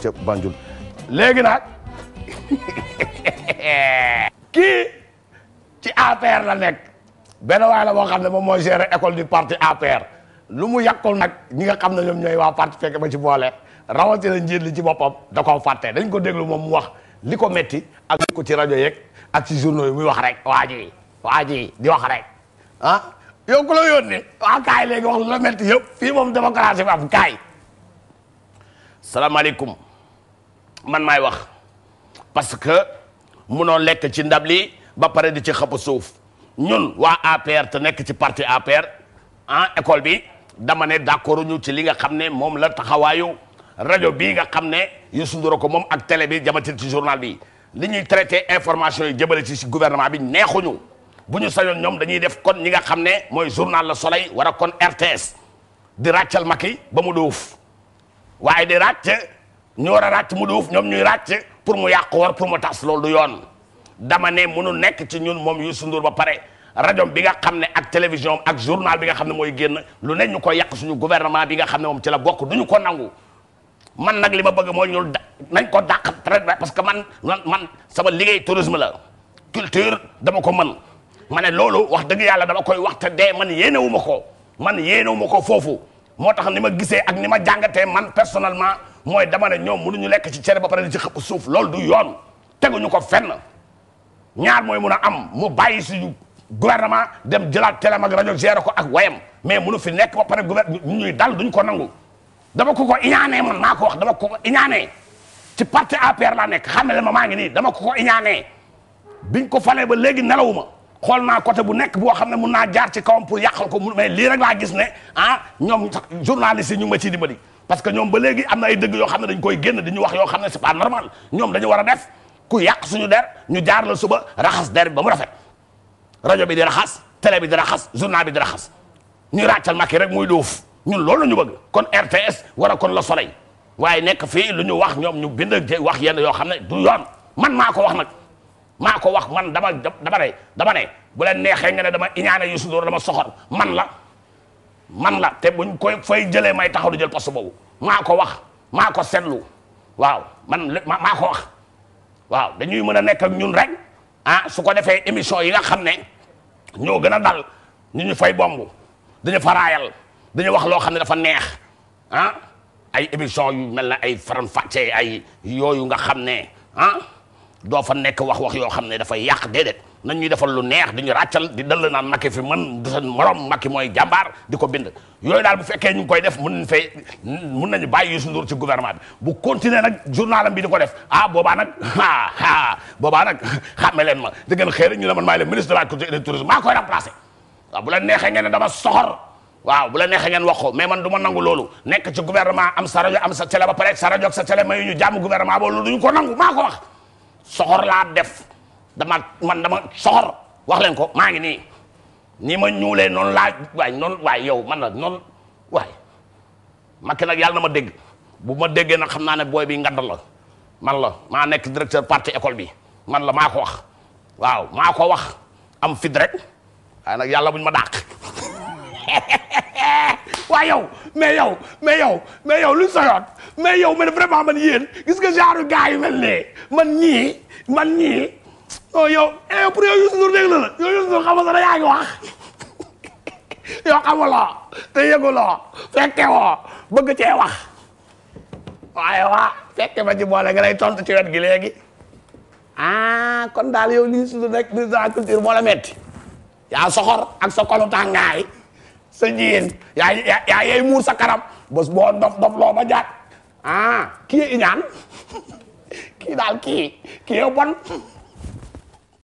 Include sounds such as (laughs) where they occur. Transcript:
ca Banjul léegi nag (laughs) kii ci APR la nekk benn waay la moo xam ne moom mooy gérer école du parti APR lu mu yàqul nag ñi nga xam ne ñoom ñooy waa parti fekk ba ci boole rawatina njiit li ci boppam da koo fàtte dañ ko déglu moom mu wax li ko metti ak li ko ci rajo yeeg ak ci journaux yi muy wax rek waa ji waa ji di wax rek ah yow ku la waa kaay léegi wax lu la metti yëpp fii moom démocratie bi am kaay salaamaaleykum man maay wax parce que munoo lekk ci ndab li ba pare di ci xëpp suuf ñun waa APR te nekk ci parti APR ah école bi dama ne d'accord ñu ci li nga xam ne moom la taxawaayu rajo bii nga xam ne Youssou Ndour ko moom ak télé bi jamatil ci journal bi li ñuy traité information yi jabale ci gouvernement bi neexuñu bu ñu sañoon ñoom dañuy def kon ñi nga xam ne mooy journal la Soleil war a kon RTS di ràccal Macky ba mu duuf waaye di ràcc ñu war a ràcc mu duuf ñoom ñuy ràcc pour mu yàq war pour mu tas loolu du yoon dama ne mënu nekk ci ñun moom Youssou Ndour ba pare rajo bi nga xam ne ak télévision ak journal bi nga xam ne mooy génn lu ne ñu ko yàq suñu gouvernement bi nga xam ne moom ci la bokk duñu ko nangu man nag li ma bëgg mooy ñu nañ ko dàq très parce que man man sama liggéey tourisme la culture dama ko man ma ne loolu wax dëgg yàlla dama koy wax te dee man yéenewuma ko man yéenewuma ko foofu moo tax ni ma gisee ak ni ma jàngatee man personnellement mooy dama ne ñoom mënuñu lekk ci cere ba pare di ci xëpp suuf loolu du yoon teguñu ko fenn ñaar mooy mun a am mu bàyyi suñu gouvernement dem jëlaat télém ak ko ak wayam mais munu fi nekk ba pare gouvernement ñuy dal duñ ko nangu dama ko ko iñaanee man maa ko wax dama ko ko iñaanee ci parti APR laa nekk xam ne ma maa ngi dama ko ko iñaanee biñ ko falee ba léegi nelawuma xool naa côté bu nekk boo xam ne mun naa jaar ci kawam pour yàqal ko mais lii rek laa gis ne ah ñoom journaliste yi ñu ngi ma ciy dimbali parce que ñoom ba léegi am na ay dëgg yoo xam ne dañ koy génn di ñu wax yoo xam ne c'est pas normal ñoom dañu war a def ku yàq suñu der ñu jaar la suba raxas der bi ba mu rafet rajo bi di raxas télé bi di raxas journal bi di raxas ñuy ràccal Macky rek muy doof ñun loolu la ñu bëgg kon RTS war kon la Soleil waaye nekk fii lu ñu wax ñoom ñu bind wax yenn yoo xam ne du yoon man maa ko wax nag maa ko wax man dama dama ne dama ne bu leen neexee nga ne dama iñaane Youssou Ndour dama soxor man la man la te buñ koy fay jëlee may taxaw di jël poste boobu maa ko wax maa ko seetlu waaw man maa ko wax waaw dañuy mën a nekk ak ñun rek ah su ko defee émission yi nga xam ne ñoo gën a dal ñu ñu fay bomb dañu faraayal dañu wax loo xam ne dafa neex ah ay émission yu mel na ay faram-fàccee ay yooyu nga xam ne ah doo fa nekk wax wax yoo xam ne dafay yàq déedéet nañ ñuy defal lu neex di ñu ràccal di dal naan makki fi man du seen morom makki mooy jàmbaar di ko bind yooyu daal bu fekkee ñu koy def mun nañ fay mën nañu bàyyi Youssou Ndour ci gouvernement bi bu continuer nag journalam bi di ko def ah boobaa nag ah (laughs) ah boobaa nag (laughs) xàmme leen ma di ngeen xëy rek ñu ne maay le ministre de la maa koy remplacé waaw bu la neexee ngeen ne waaw bu la neexee ngeen wax ko mais man du ma nangu loolu nekk ci gouvernement am sa rajo am sa ba pare sa rajo ak sa télé mayu ñu ko nangu maa soxor laa def dama man dama soxor wax leen ko maa ngi nii nii ma ñuulee noonu laa waay noon waay yow man na noon waay Macky nag yàlla na ma dégg bu ma déggee nag xam naa ne booy bi ngadd la man la maa nekk directeur parti école bi man la maa ko wax waaw maa ko wax am fit rek waaye nag yàlla buñ ma dàq (laughs) waaye yow mais yow mais yow mais yow luñ sa yoon mais yow man vraiment man yéen gis nga genre gars yi mel ne man ñii man ñii non yow eh pour yow Youssou Ndour dégg na la yow Youssou Ndour xamal na yaa ngi wax (laughs) yow xamuloo te fekke woo bëgg cee wax waaye waa fekke ma ci boole nga tontu ci wet gi léegi ah kon daal yow li ñu suñu culture moo la yaa soxor ak sa kolu tàngaay sa jiin yaa yaa muur sa kanam bés boo dof dof loo ba jaat ki ah, kii iñaan (laughs) kii daal kii kii bon